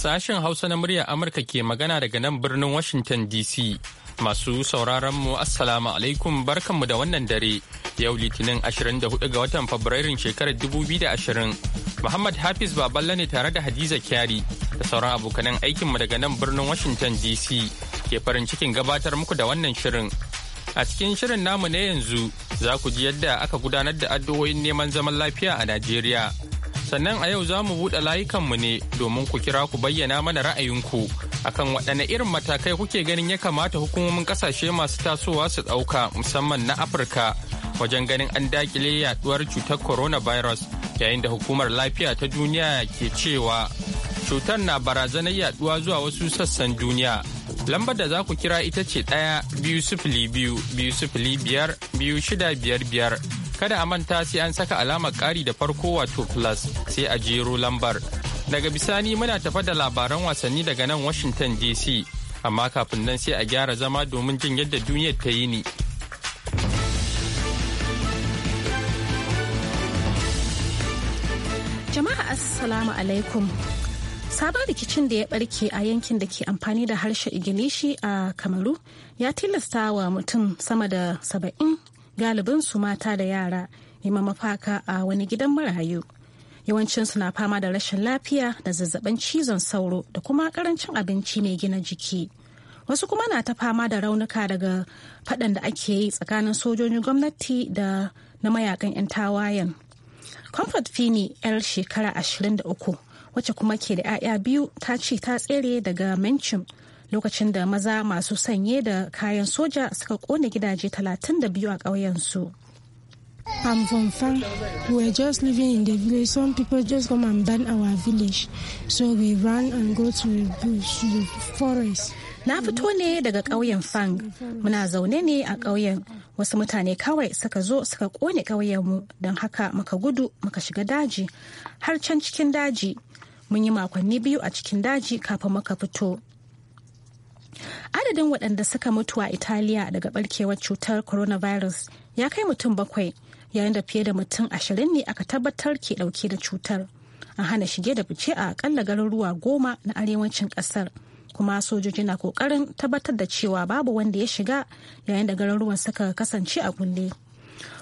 Sashen Hausa na murya Amurka ke magana daga nan birnin Washington DC. Masu sauraron mu Assalamu alaikum barkanmu da wannan dare. Yau Litinin 24 ga watan Fabrairun shekarar 2020. Muhammad Hafiz Baballa ne tare da Hadiza Kyari da sauran abokanan aikinmu daga nan birnin Washington DC ke farin cikin gabatar muku da wannan shirin. A cikin shirin namu na yanzu za ku ji yadda aka gudanar da addu'o'in neman zaman lafiya a Najeriya. sannan a yau za mu buɗe layukanmu ne domin ku kira ku bayyana mana ra'ayinku akan waɗanne irin matakai kuke ganin ya kamata hukumomin ƙasashe masu tasowa su ɗauka musamman na afirka wajen ganin an daƙile yaɗuwar cutar coronavirus yayin da hukumar lafiya ta duniya ke cewa cutar na barazanar yaɗuwa zuwa wasu sassan duniya lambar da za ku kira ita ce ɗaya biyu sifili biyu biyu sifili biyar biyu shida biyar biyar Kada a manta sai an saka alamar ƙari da farko wato plus sai a jero lambar. Daga bisani muna tafa da labaran wasanni daga nan Washington DC. Amma kafin nan sai a gyara zama domin jin yadda duniyar ta yi ni. Jama'a Assalamu alaikum. Sabon rikicin da ya barke a yankin da ke amfani da harshe Igilishi a Kamaru ya tilasta wa mutum sama da saba'in galibin su mata da yara neman mafaka a wani gidan marayu yawancinsu na fama da rashin lafiya da zazzabin cizon sauro da kuma karancin abinci mai gina jiki wasu kuma na ta fama da raunuka daga faɗan da ake yi tsakanin sojojin gwamnati da na mayakan 'yan tawayen comfort fini 'yar shekara 23 wacce kuma ke da 'ya'ya biyu ta ce ta tsere daga mencim lokacin da maza masu sanye da kayan soja suka kone gidaje 32 a ƙauyensu. I'm from farm. We're just living in the village. Some people just come and burn our village. So we run and go to the bush, the forest. Na fito ne daga ƙauyen Fang. Muna zaune ne a ƙauyen. Wasu mutane kawai suka zo suka ƙone ƙauyenmu don haka muka gudu muka shiga daji har can cikin daji. Mun yi makonni biyu a cikin daji kafin muka fito. Adadin waɗanda suka mutu a Italiya daga barkewar cutar coronavirus ya kai mutum bakwai yayin da fiye da mutum ashirin ne aka tabbatar ke ɗauke da cutar. An hana shige da fice a akalla garuruwa goma na arewacin ƙasar. kuma sojoji na kokarin tabbatar da cewa babu wanda ya shiga yayin da garuruwan suka kasance a kulle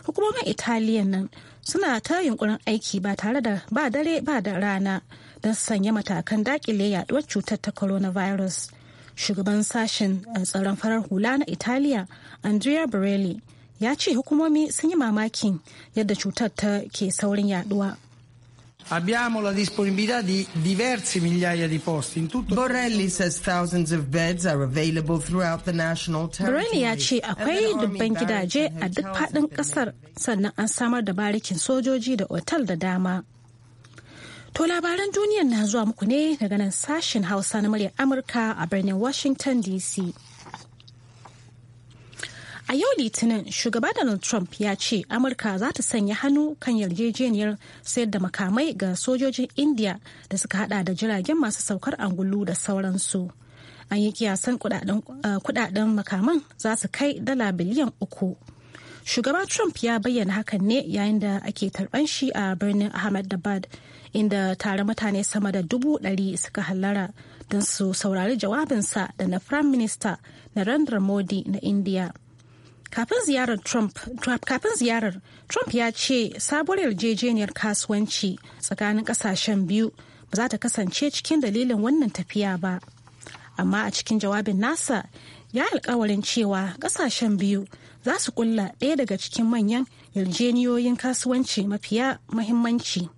hukumomin italiya nan suna ta yunkurin aiki ba tare da ba dare ba da rana don sanya matakan dakile yaduwar cutar ta coronavirus shugaban sashen eh, tsaron farar hula na italiya andrea borelli ya ce hukumomi sun yi mamakin yadda cutar ta ke saurin yaduwa Abbiamo la disponibilità di diverse migliaia di posti in tutto Borelli says thousands of beds are available throughout the national territory. Borelli ya ce akwai dubban gidaje a duk faɗin ƙasar sannan an samar da barikin sojoji da otal da dama. To labaran duniyar na zuwa muku ne daga nan sashen Hausa na muryar Amurka a birnin Washington DC. A yau Litinin, shugaba Donald Trump ya ce Amurka za ta sanya hannu kan yarjejeniyar sayar da makamai ga sojojin India da suka hada da jiragen masu saukar angulu da sauransu. An yi kiyasan kudaden uh, makaman za su kai dala biliyan uku. shugaba trump ya bayyana hakan ne yayin da ake tarban shi a birnin ahmedabad inda tare mutane sama da dubu ɗari suka hallara don su saurari jawabinsa da na prime minister narendra modi na india kafin ziyarar trump kafin ziyarar trump ya ce sabuwar yarjejeniyar kasuwanci tsakanin kasashen biyu ba za ta kasance cikin dalilin wannan tafiya ba amma a cikin jawabin nasa ya alkawarin cewa kasashen biyu za su kulla ɗaya daga cikin manyan yarjeniyoyin kasuwanci mafiya mahimmanci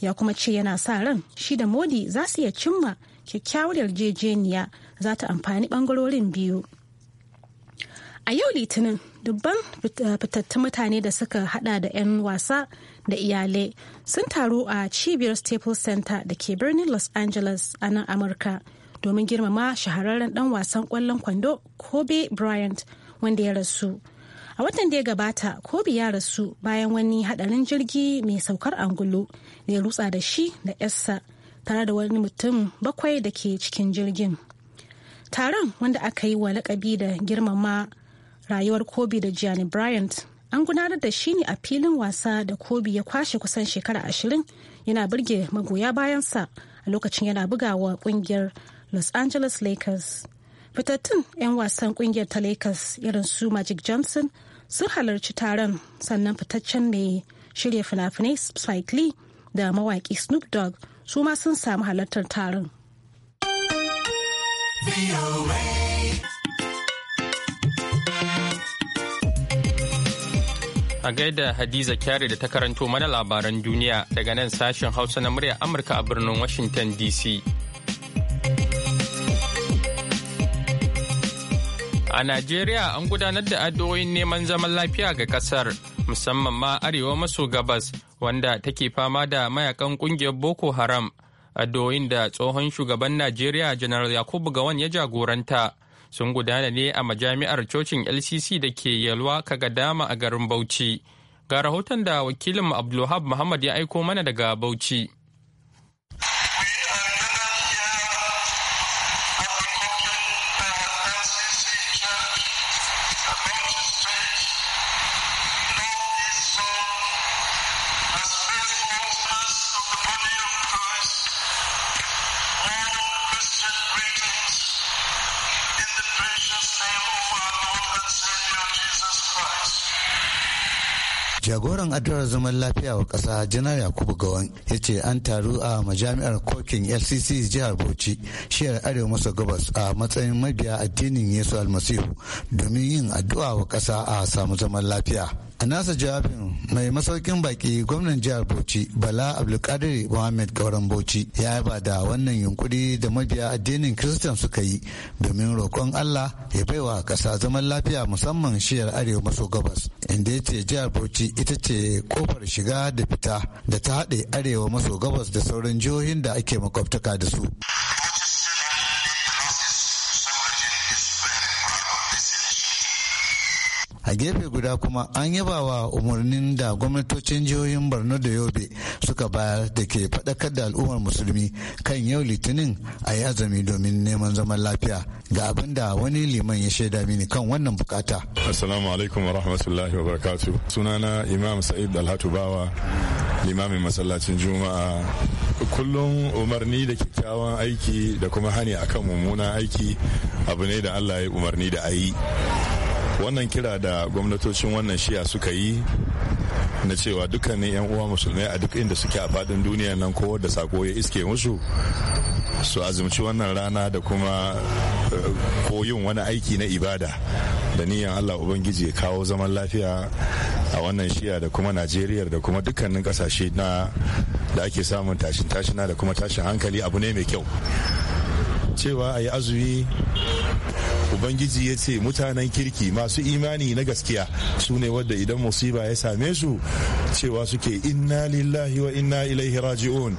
ya kuma ce yana sa ran shi da modi za su iya cimma kyakkyawar yarjejeniya za ta amfani bangarorin biyu a yau litinin dubban eh, fitattun mutane da suka hada da 'yan wasa da iyalai sun taru a cibiyar staples center da ke birnin los angeles a nan amurka domin girmama shahararren dan wasan kwallon kwando kobe bryant wanda ya rasu a watan da ya gabata kobi ya rasu bayan wani hadarin jirgi mai saukar angulu da rutsa da shi da yarsa tare da wani mutum bakwai da ke cikin jirgin taron wanda aka yi wa lakabi da girmama rayuwar kobi da gianni bryant an gudanar da shi ne a filin wasa da kobi ya kwashe kusan shekara ashirin yana birge magoya bayansa a lokacin yana bugawa kungiyar los angeles lakers fitattun 'yan wasan kungiyar ta lakers irin su magic johnson sun halarci taron sannan fitaccen mai shirya fina-finai spike lee da mawaki snoop dogg su ma sun samu halartar taron a gaida hadiza kyari da ta karanto mana labaran duniya daga nan sashen hausa na murya amurka a birnin washington dc A Najeriya an gudanar da addu'o'in neman zaman lafiya ga kasar musamman ma arewa maso gabas wanda take fama da mayakan kungiyar Boko Haram. Addu'o'in da tsohon shugaban Najeriya Janar Yakubu Gawan ya jagoranta sun gudana ne a majami'ar cocin LCC da ke Yalwa Dama, a garin Bauchi. Ga rahoton da wakilin Abdulhab Muhammad ya aiko mana daga Bauchi. addu'ar zaman lafiya wa ƙasa janar yakubu gawan ya ce an taru a majami'ar kokin lcc jihar bauchi shiyar arewa maso gabas a matsayin mabiya addinin yesu almasihu domin yin addu'a wa ƙasa a samu zaman lafiya a nasa jawabin mai masaukin baki gwamnan jihar bauchi bala abdulkadir mohammed gauran bauchi ya yaba da wannan yunkuri da mabiya addinin kristan suka yi domin roƙon allah ya baiwa ƙasa zaman lafiya musamman shiyar arewa maso gabas inda ya ce jihar bauchi ita ce kofar shiga da fita da ta haɗe arewa maso gabas da sauran jihohin da ake makwabtaka da su a gefe guda kuma an yaba wa umarnin da gwamnatocin jihohin borno da yobe suka bayar da ke faɗakar da al'ummar musulmi kan yau litinin a yi azumi domin neman zaman lafiya ga abin da wani liman ya shaida mini kan wannan bukata assalamu alaikum wa rahmatullahi wa barakatu sunana imam sa'id alhatu bawa limamin masallacin juma'a kullum umarni da kyakkyawan aiki da kuma hani akan mummunan aiki abu ne da allah ya umarni da a yi wannan kira da gwamnatocin wannan shiya suka yi na cewa dukkanin 'yan uwa musulmai a duk inda suke a faɗin duniya nan ko da sako ya iske musu su azumci wannan rana da kuma eh, koyon wani aiki na ibada da niyan allah ubangiji ya kawo zaman lafiya a wannan shiya da kuma najeriya da kuma dukkanin kasashe na da ake samun tashin tashina da kuma tashin hankali abu ne mai kyau cewa a yi azumi ubangiji ya ce mutanen kirki masu imani na gaskiya su ne wadda idan musiba ya same su cewa suke inna lillahi wa inna ilaihi raji'un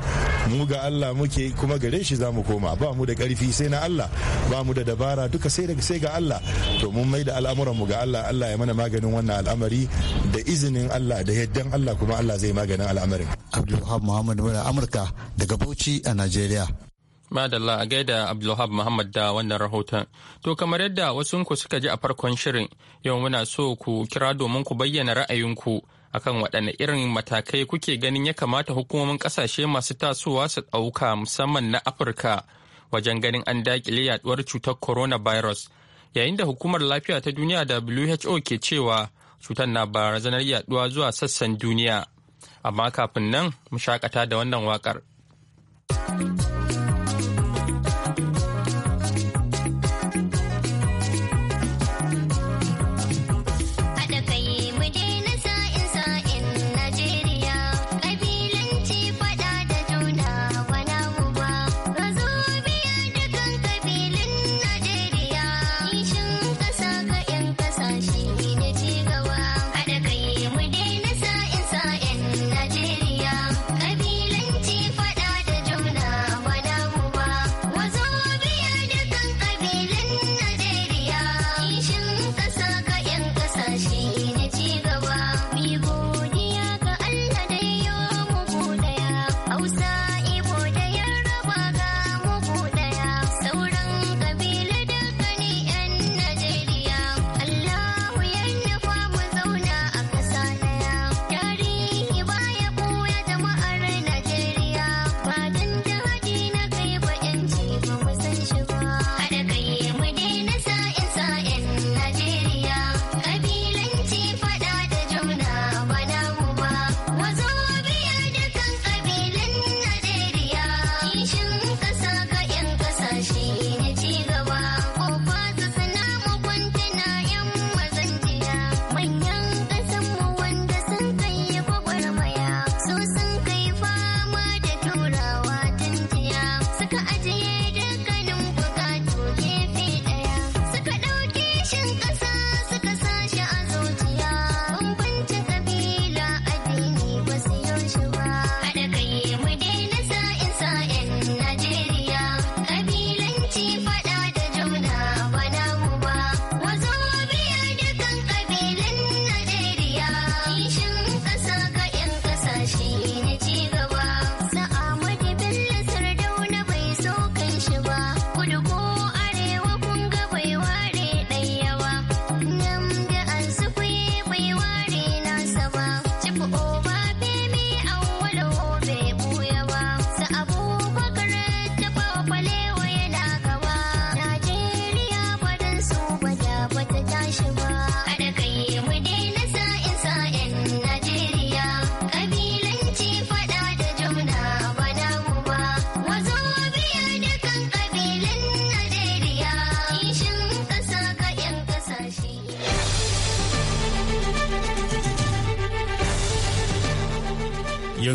mu ga Allah muke kuma gare shi za mu koma ba mu da karfi sai na Allah ba mu da dabara duka sai da sai ga Allah to mun mai da al'amuran mu ga Allah Allah ya mana maganin wannan al'amari da izinin Allah da yaddan Allah kuma Allah zai maganin al'amarin Abdulwahab Muhammad Amurka daga Bauchi a Najeriya Madalla a gaida Abdulhab Muhammad da wannan rahoton. To kamar yadda wasunku suka ji a farkon shirin, yau muna so ku kira domin ku bayyana ra'ayinku akan waɗanne irin matakai kuke ganin ya kamata hukumomin ƙasashe masu tasowa su ɗauka musamman na Afirka wajen ganin an daƙile yaɗuwar cutar corona virus Yayin da hukumar lafiya ta duniya WHO ke cewa cutar na barazanar yaɗuwa zuwa sassan duniya. Amma kafin nan mu shakata da wannan waƙar.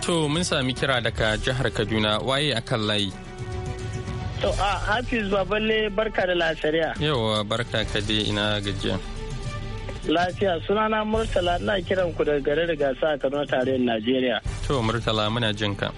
To mun sami kira daga jihar Kaduna waye a kan layi. To a Hafiz Baballe barka da lasariya. Yawa barka ka dai ina gajiya. Lafiya sunana Murtala ina kiran ku daga garin Gasa a Kano tarayyar Najeriya. To Murtala muna jin ka.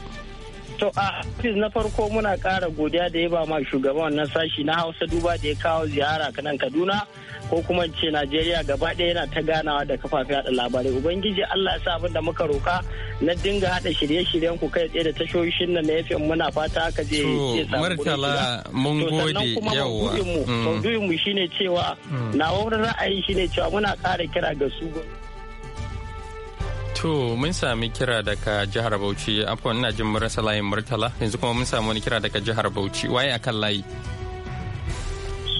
To a ofis na farko muna kara godiya da ya ba ma shugaban wannan sashi na Hausa duba da ya kawo ziyara kanan Kaduna ko kuma ce Najeriya gaba ɗaya yana ta ganawa da kafafen yada labarai. Ubangiji Allah ya sa abin da muka roka na dinga haɗa shirye-shiryen ku kai tsaye da tashoshin nan na yafi muna fata haka je ya samu mun gode yawa. To sannan kuma mu mm. shine cewa mm. na wani ra'ayi shine cewa muna kara kira ga su. To mun sami kira daga jihar Bauchi afwan ina jin murasa layin Murtala yanzu kuma mun sami wani kira daga jihar Bauchi waye akan layi.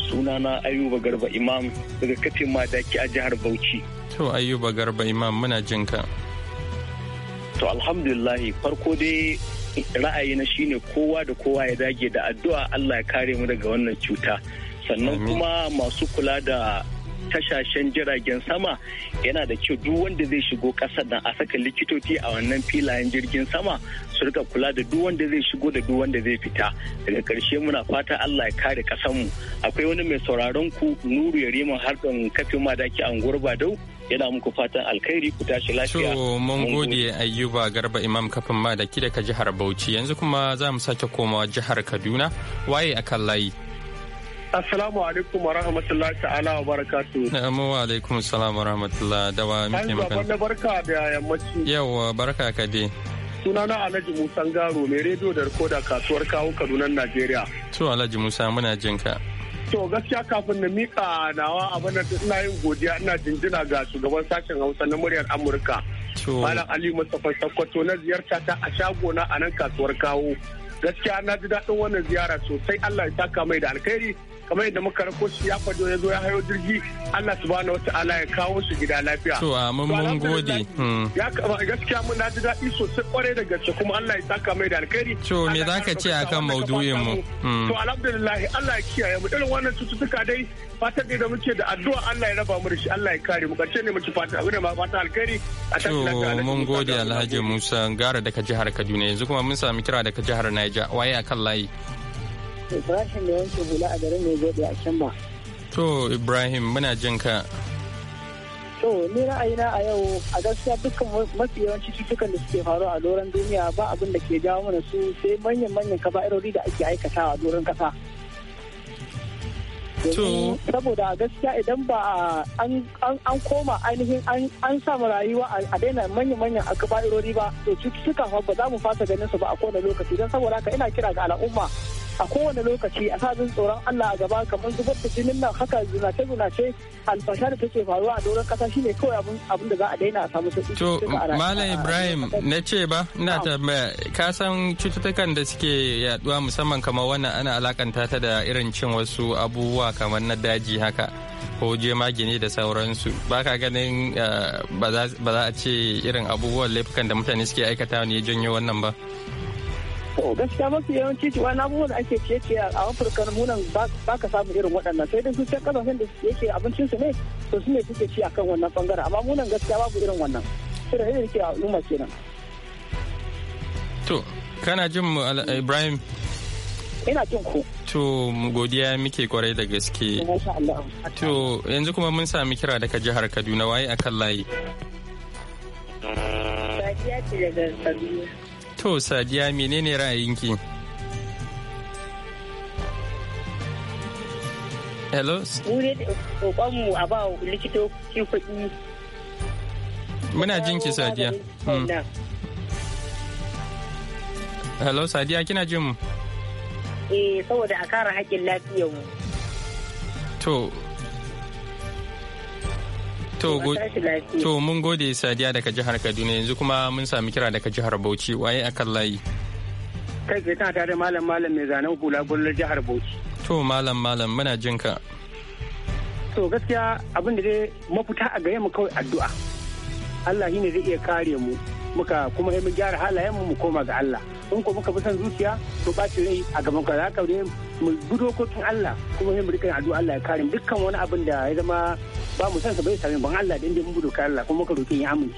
Sunana Ayuba Garba Imam daga katin madaki a jihar Bauchi. To Ayuba Garba Imam muna jin ka. To alhamdulillahi farko dai ra'ayi na shine kowa da kowa ya dage da addu'a Allah ya kare mu daga wannan cuta. Sannan kuma masu kula da tashashen jiragen sama yana da kyau duk wanda zai shigo ƙasar nan a saka likitoci a wannan filayen jirgin sama su rika kula da duk wanda zai shigo da duk wanda zai fita daga karshe muna fata Allah ya kare mu akwai wani mai sauraron ku nuru ya har harkan kafin madaki a unguwar Badau yana muku fatan alkhairi ku tashi lafiya. To mun gode Ayyuba Garba Imam kafin ma da daga jihar Bauchi yanzu kuma za mu sake komawa jihar Kaduna waye akan layi. Assalamu alaikum wa rahmatullahi ta'ala wa barakatu. Na'amu wa alaikum salam wa rahmatullahi da wa muke magana. An barka da yammaci. Yawwa barka ka dai. Sunana Alhaji Musa Garo mai rediyo da rikoda kasuwar kawo Kadunan Najeriya. To Alhaji Musa muna jin ka. To gaskiya kafin na mika nawa abin da ina yin godiya ina jinjina ga shugaban sashen Hausa na muryar Amurka. Malam Ali Mustapha Sakkwato na ziyarta ta a shagona a nan kasuwar kawo. Gaskiya na ji daɗin wannan ziyara sosai Allah ya saka mai da alkhairi kamar yadda muka rako shi ya fado ya zo ya hayo jirgi Allah subhanahu wataala ya kawo su gida lafiya to a mun gode hmm. ya gaskiya mun na ji daɗi sosai kwarai da gaske kuma Allah ya saka mai da alkhairi to me za ka ce akan maudu'in mu hmm. to alhamdulillah Allah ya kiyaye mu irin wannan cututtuka dai fatan da muke da addu'a Allah ya raba mu da shi Allah ya kare mu karshe ne muke fata abu da ma fata alkhairi a mun gode Alhaji Musa Gara daga jihar Kaduna yanzu kuma mun sami kira daga jihar Niger waye akan layi Ibrahim da hula a mai a To Ibrahim muna jin ka. To ni ra'ayina a yau a gaskiya dukkan mafi yawanci cutukan da suke faruwa a doron duniya ba abin da ke jawo mana su sai manyan-manyan kaba'irori da ake aikatawa a doron kasa. saboda gaskiya idan ba an koma ainihin an samu rayuwa a daina manya-manyan kaba'irori ba to cututtuka ba za mu fasa ganin su ba a kowane lokaci don saboda haka ina kira ga al'umma a kowane lokaci a sabin tsoron Allah a gaba kamar zubar da jinin nan haka zinace zinace alfasha da take faruwa a doron kasa shine kawai abin da za a daina a samu sauki to malam Ibrahim na ce ba ina tambaya ka san cututtukan da suke yaduwa musamman kamar wannan ana alakanta ta da irin cin wasu abubuwa kamar na daji haka ko je da sauransu ba ka ganin eh, ba za a ce irin abubuwan laifukan da mutane suke aikata ne janyo wannan ba To gaskiya mafi yawanci cewa na abubuwan da ake ciye a Afirka munan ba ka samu irin waɗannan sai dai su sai kasashen da yake abincin su ne to su ne suke ci akan wannan bangaren amma munan gaskiya babu irin wannan. Sai da yake al'umma kenan. To kana jin mu Ibrahim ina jin ku. To godiya muke kwarai da gaske. To yanzu kuma mun sami kira daga jihar Kaduna waye akan layi. Sadiya ce daga Kaduna. To Sadiya menene ra'ayinki? Hello? Mune roƙonmu a ba likitoci kuɗi. Muna jinki Sadiya. Hmm. Hello Sadiya kina jin mu? Eh saboda a kare haƙƙin mu To To mun gode Sadiya daga jihar Kaduna yanzu kuma mun sami kira daga jihar Bauchi waye a kan layi. Kai ke tana tare malam malam mai zanen hula gullar jihar Bauchi. To malam malam muna jin ka. To gaskiya abin da dai mafita a gare mu kawai addu'a. Allah shine zai iya kare mu muka kuma mu gyara halayen mu mu koma ga Allah. In ko muka bi son zuciya to ɓaci rai a gaban ka zaka ne mu bi dokokin Allah kuma mu rika addu'a Allah ya kare mu dukkan wani abin da ya zama ba mu san bai sami ban Allah dan mun budu ka Allah kuma ka roke ya amince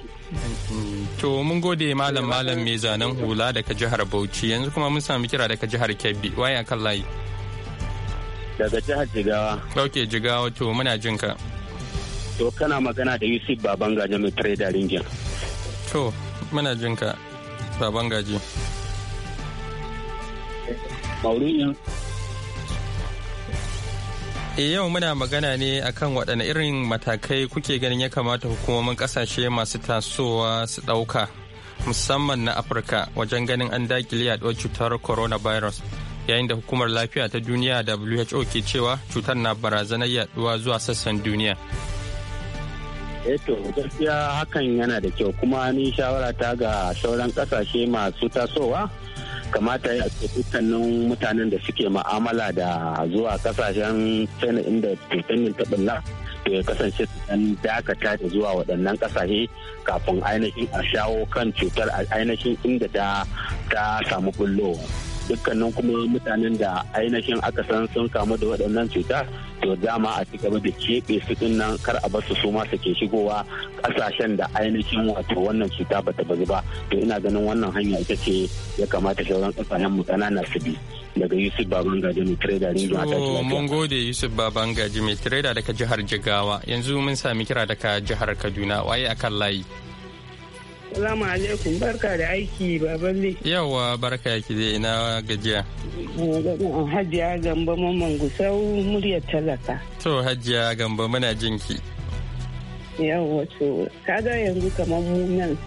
to mun gode malam malam mai zanen hula daga jihar Bauchi yanzu kuma mun sami kira daga jihar Kebbi waye akan layi daga jihar Jigawa ok Jigawa to muna jin ka to kana magana da Yusuf Babangaje mai trader ringin to muna jin ka Babangaje Maurin E yau muna magana ne akan waɗanne irin matakai kuke ganin ya kamata hukumomin ƙasashe masu tasowa su ɗauka musamman na Afirka wajen ganin an dakile yaɗuwar cutar coronavirus yayin da hukumar lafiya ta duniya WHO ke cewa cutar na barazanar yaɗuwa zuwa sassan duniya. eto eh, gaskiya hakan yana da kyau kuma ni shawara ta ga sauran kasashe masu tasowa kamata ya ce dukkanin mutanen da suke ma'amala da zuwa kasashen china inda cutannin ta bulla to ya kasance an dakata da zuwa waɗannan kasashe kafin ainihin a shawo kan cutar ainihin inda ta samu bullowa. dukkanin kuma mutanen da ainihin aka san sun kamu da waɗannan cuta to dama a ci gaba da keɓe su nan kar a basu su ma ke shigowa ƙasashen da ainihin wato wannan cuta ba ta bazu ba to ina ganin wannan hanya ita ce ya kamata sauran ƙasashen mu ƙanana su bi daga Yusuf Babangaji mai trader ne zuwa ta mun gode Yusuf Babangaji mai trader daga jihar Jigawa yanzu mun sami kira daga jihar Kaduna waye akan layi. Assalamu alaikum barka da aiki baballe. Yawa barka yake da ina gajiya. Hajiya gamba mamman gusau murya talaka. To hajiya gamba muna jinki. Yawa to kaga yanzu kamar munan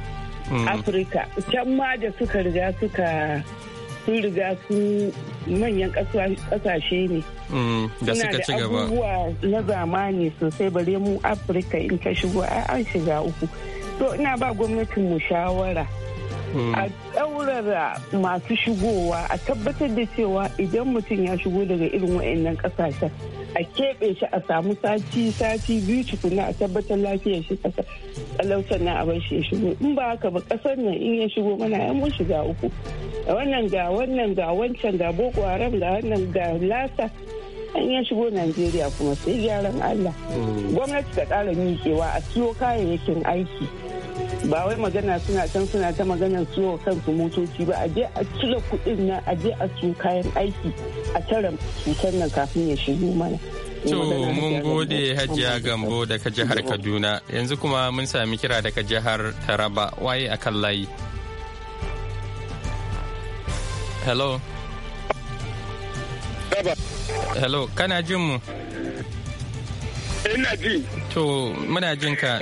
mm. Afirka can ma da suka riga suka sun riga su manyan kasashe ne. Mm, da suka ci gaba. da abubuwa na zamani sosai bare mu Afirka in ka shigo an shiga uku. so ina ba gwamnatin mu shawara hmm. a ɗaurara masu shigowa a tabbatar da cewa idan mutum ya shigo daga irin wa'annan kasashen a keɓe shi a samu sati sati biyu tukuna a tabbatar lafiyar shi kasa talautar na abin shi ya shigo in ba haka ba kasar nan in ya shigo mana yan mun shiga uku wannan ga wannan ga wancan ga boko haram ga wannan ga lasa an ya shigo najeriya kuma sai gyaran allah hmm. gwamnati ta ƙara miƙewa a siyo kayayyakin aiki ba wai magana suna can suna ta magana siyo kansu motoci ba a je a cire kudin nan a je a su kayan aiki a tara cutar nan kafin ya shigo mana To mun gode Hajiya Gambo daga jihar Kaduna yanzu kuma mun sami kira daga jihar Taraba waye a kan layi. Hello. Hello, kana jin mu? Ina ji. To muna jin ka.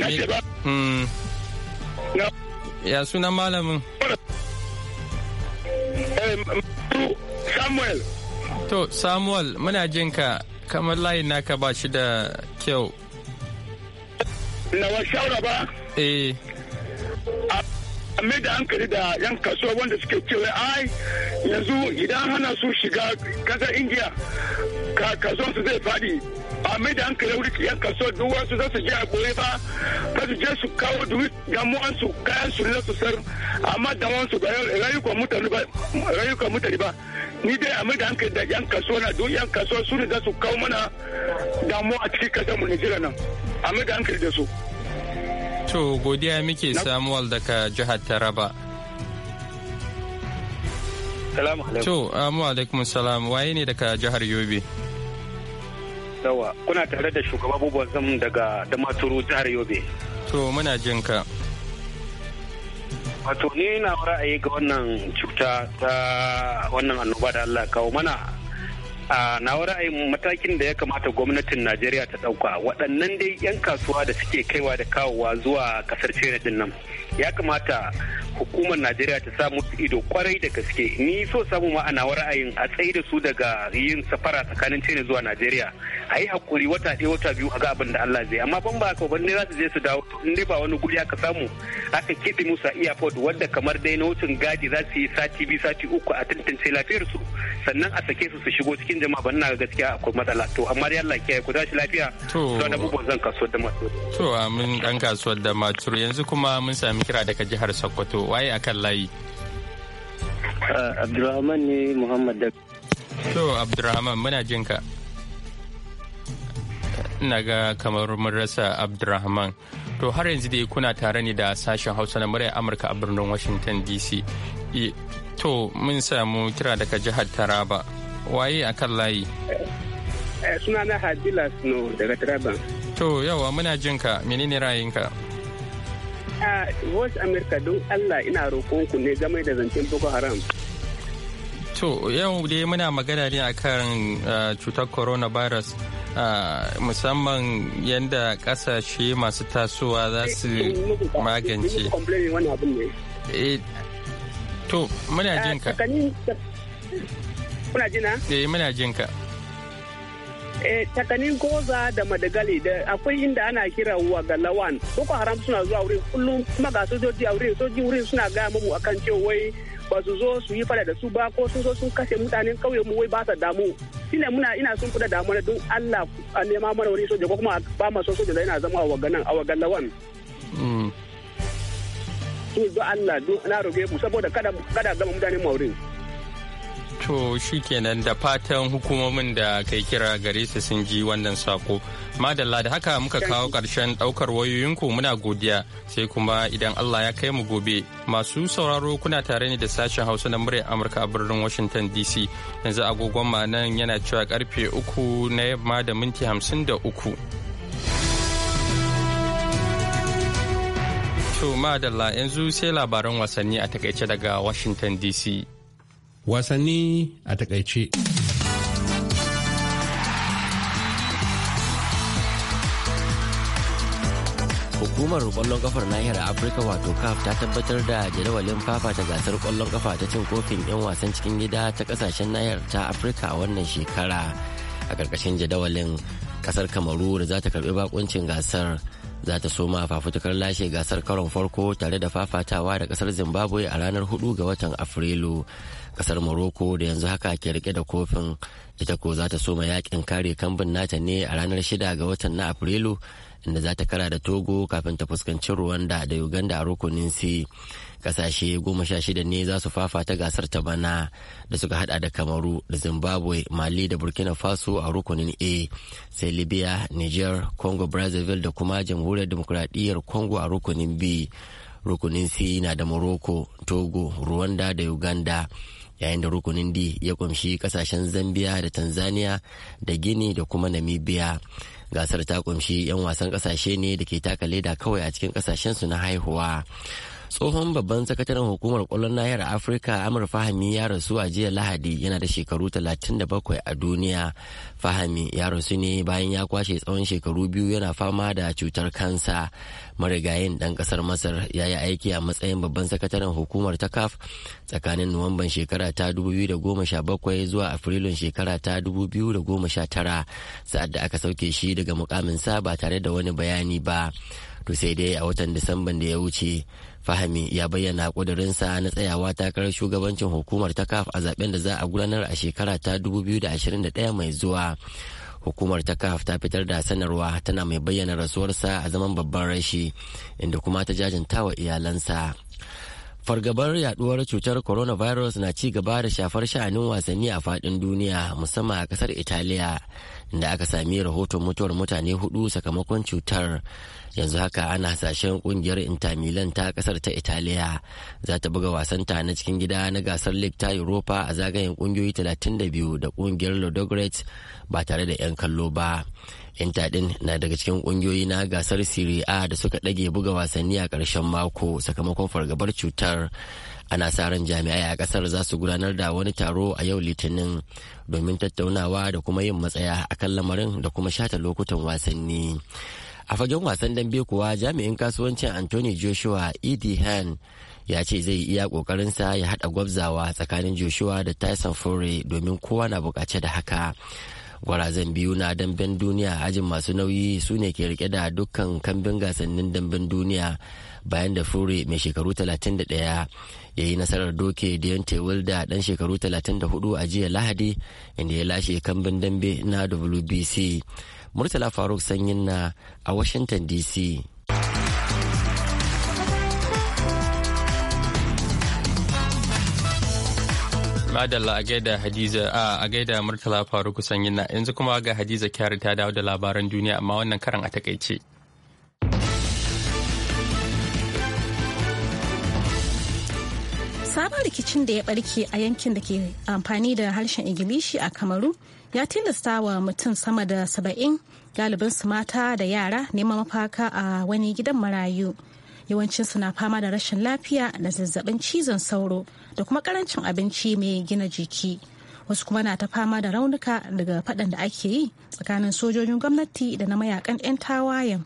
Ya sunan malamin? Samuel. To, Samuel, muna jin ka kamar layin naka ba shi da kyau. Nawa shaura ba? Eh. mai da hankali da yan kasuwa wanda suke cewa ai yanzu idan hana su shiga kasar India, su zai faɗi. ba mai da hankali wuri yan kasuwa duk wasu za su je a goye ba ba su je su kawo duk gamuwan su kayan su na su sar amma damuwan su ba rayukan mutane ba rayukan mutane ba ni dai a mai da hankali da yan kasuwa na duk yan kasuwa su ne za su kawo mana damuwa a cikin kasar mu Nijira nan a mai da hankali da su. To godiya muke Samuel daga jihar Taraba. Salamu alaikum. To, alaikum salam. Waye ne daga jihar Yobe? Dawa kuna tare da shugaba abubuwan Zam daga Damaturu jihar Yobe. To muna jin ka. Wato ni na ra'ayi ga wannan cuta ta wannan annoba da Allah kawo mana a na ra'ayin matakin da ya kamata gwamnatin Najeriya ta ɗauka waɗannan dai 'yan kasuwa da suke kaiwa da kawowa zuwa ƙasar China din nan. ya kamata hukumar najeriya ta samu ido kwarai da gaske ni so samu ma'ana ra'ayin a tsaye da su daga yin safara tsakanin china zuwa najeriya a yi hakuri wata ɗaya wata biyu a ga abin da allah zai amma ban ba ka ban za su je su dawo in dai ba wani guri aka samu aka kiɗi musu a airport wadda kamar dai na wucin gadi za su yi sati biyu sati uku a tantance lafiyar su sannan a sake su su shigo cikin jama'a ban na gaskiya akwai matsala to amma dai allah kiyaye ku tashi lafiya to da abubuwan zan kasuwar da to amin dan kasuwar da maturu yanzu kuma mun sami kira daga jihar Sokoto waye a kan layi. Ah, Abdurrahman ne Muhammad da. To Abdurrahman muna jin ka. Ina ga kamar mun rasa Abdurrahman. To har yanzu dai kuna tare ne da sashen Hausa na murya Amurka a birnin Washington DC. To mun samu kira daga jihar Taraba. Waye a kan layi? Eh, Suna na Hadi Snow daga Taraba. To yawa muna jinka menene ra'ayinka? a voice america don allah ina roƙonku ne game da zancen boko haram to yau dai muna magana ne akan cutar coronavirus musamman yadda kasashe masu tasowa za eh, su magance eh, to muna eh, jinka muna jina eh muna jinka Eh, takanin goza da madagali da akwai inda ana kira galawan boko haram suna zuwa wurin kullum kuma ga sojoji a wurin sojoji wurin suna gaya mamu akan cewa wai ba su zo su yi fada da su ba ko sun zo sun kashe mutanen kauye mu wai ba sa damu shine muna ina sun kuda damu don Allah a nema mana wani soja ko kuma ba ma soja da yana zama a waganan a wagalawan to mm. Allah na roge mu saboda kada kada gama mutanen ma wurin To shi kenan da fatan hukumomin da kai kira gare su sun ji wannan sako. Madalla da haka muka kawo karshen ɗaukar wayoyinku muna godiya sai kuma idan Allah ya kai mu gobe masu sauraro kuna tare ne da sashen Hausa na muryar Amurka a birnin Washington DC yanzu agogon ma nan yana cewa karfe uku na yamma da minti hamsin da uku. To madalla yanzu sai labaran wasanni a takaice daga Washington DC. wasanni a takaice. hukumar kwallon kafar nahiyar afirka wato caf ta tabbatar da jadawalin fafata gasar kwallon kafa ta cin kofin 'yan wasan cikin gida ta kasashen nahiyar ta afirka a wannan shekara a karkashin jadawalin kasar kamaru da za ta karbi bakuncin gasar za ta soma a fafutukar lashe gasar karon farko tare da fafatawa da kasar zimbabwe a ranar 4 ga watan afrilu kasar morocco da yanzu haka ke rike da kofin ita ko za ta soma yakin kare kambin nata ne a ranar shida ga watan na afrilu inda za ta kara da togo kafin ta fuskanci rwanda da uganda a rukunin c kasashe goma sha shida ne za su fafata gasar ta bana da suka hada da kamaru da zimbabwe mali da burkina faso a rukunin a sai libya niger congo brazzaville da kuma jamhuriyar demokuraɗiyyar congo a rukunin b rukunin c na da morocco togo rwanda da uganda yayin da rukunin d ya kumshi kasashen zambia da tanzania da gini da kuma namibia gasar ta kumshi 'yan wasan kasashe ne da ke taka leda kawai a cikin kasashen su na haihuwa tsohon babban sakataren hukumar kwallon nahiyar afirka amur fahami ya rasu a jiya lahadi yana da shekaru 37 a duniya fahami ya rasu ne bayan ya kwashe tsawon shekaru biyu yana fama da cutar kansa marigayin dan kasar masar ya yi aiki a matsayin babban sakataren hukumar ta kaf tsakanin nuwamban shekara ta 2017 zuwa afrilun shekara ta 2019 sa'ad da aka sauke shi daga mukaminsa ba tare da wani bayani ba to sai dai a watan disamban da ya wuce Fahami ya bayyana ƙudurinsa na tsayawa takarar shugabancin hukumar ta kaf a zaben da za a gudanar a shekara ta 2021 mai zuwa. Hukumar ta kaf ta fitar da sanarwa tana mai bayyana rasuwarsa a zaman babban rashi inda kuma ta jajanta wa iyalansa. Fargabar yaduwar cutar coronavirus na ci gaba da shafar sha'anin wasanni a faɗin duniya musamman a ƙasar Italiya. da aka sami rahoton mutuwar mutane hudu sakamakon cutar yanzu haka ana hasashen kungiyar inter milan ta kasar ta italiya za ta buga wasanta na cikin gida na gasar league ta europa a zagayen kungiyoyi 32 da kungiyar lodogret ba tare da 'yan kallo ba inter din na daga cikin kungiyoyi na gasar serie a da suka dage buga wasanni a karshen mako sakamakon fargabar cutar ana sa ran jami'ai a kasar za su gudanar da wani taro a yau litinin domin tattaunawa da kuma yin matsaya akan lamarin da kuma shata lokutan wasanni a fagen wasan dambe kuwa jami'in kasuwancin anthony joshua ed han ya ce zai iya kokarinsa ya haɗa gwabzawa tsakanin joshua da tyson fury domin kowa na bukace da haka gwarazan biyu na damben duniya ajin masu nauyi su ne ke rike da dukkan kambin gasannin damben duniya bayan da fure mai shekaru 31 ya yi nasarar doke deontay da dan shekaru 34 a jiya lahadi inda ya lashe kambin dambe na wbc murtala faruk sanyin na a washington dc Madalla a gaida Hadiza a gaida Murtala faru kusan yanzu kuma ga Hadiza Kyari ta dawo da labaran duniya amma wannan karan a takaice. Sabon rikicin da ya barke a yankin da ke amfani da harshen Ingilishi a Kamaru ya tilasta wa mutum sama da saba'in galibinsu mata da yara neman mafaka a wani gidan marayu. yawancin suna fama da rashin lafiya da zazzabin cizon sauro da kuma karancin abinci mai gina jiki wasu kuma na ta fama da raunuka daga faɗan da ake yi tsakanin sojojin gwamnati da na mayakan 'yan tawayen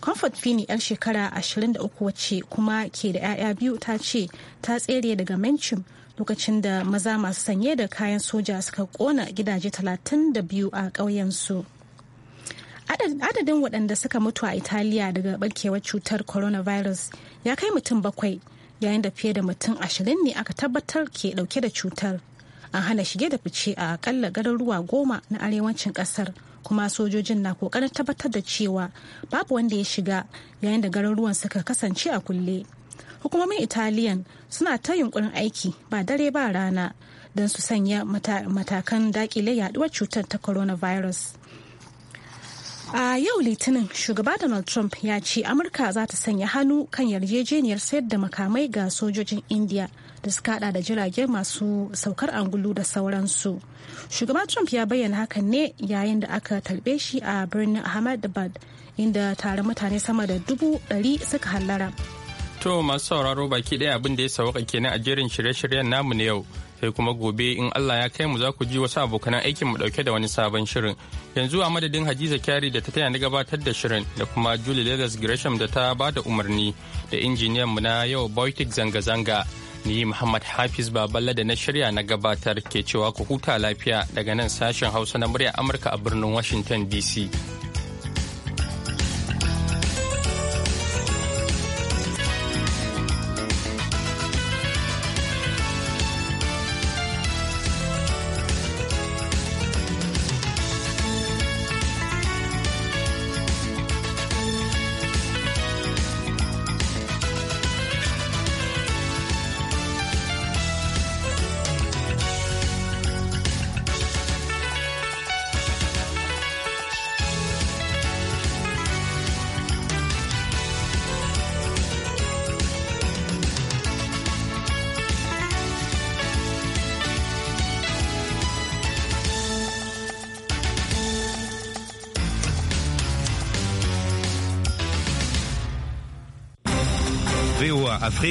comfort fini yar shekara 23 wacce kuma ke da 'ya'ya biyu ta ce ta tsere daga mencin lokacin da maza masu sanye da kayan soja suka kona gidaje 32 a ƙauyensu. su adadin waɗanda suka mutu a italiya daga barkewar cutar coronavirus ya kai mutum bakwai yayin da fiye da mutum ashirin ne aka tabbatar ke ɗauke da cutar an hana shige da fice a akalla garuruwa goma na arewacin ƙasar kuma sojojin na kokarin tabbatar da cewa babu wanda ya shiga yayin da garuruwan suka kasance a kulle hukumomin italiyan suna ta yunkurin aiki ba dare ba rana don su sanya matakan dakile yaduwar cutar ta coronavirus A yau Litinin shugaba Donald Trump ya ce Amurka za ta sanya hannu kan yarjejeniyar sayar da makamai ga sojojin India da suka hada da jiragen masu saukar angulu da sauransu. Shugaba Trump ya bayyana hakan ne yayin da aka talbe shi a birnin Ahmedabad inda tare mutane sama da dubu ɗari suka hallara. To masu sauraro baki ɗaya abinda ya sauka kenan a jerin shirye-shiryen namu na yau. sai kuma gobe in Allah ya kai mu za ku ji wasu abokan aikin mu dauke da wani sabon shirin yanzu a madadin Hadiza Kyari da ta taya ni gabatar da shirin da kuma Julie Lagos Gresham da ta ba da umarni da injiniyan mu na yau Boytik zanga-zanga ni Muhammad Hafiz Baballa da na shirya na gabatar ke cewa ku huta lafiya daga nan sashen Hausa na murya Amurka a birnin Washington DC.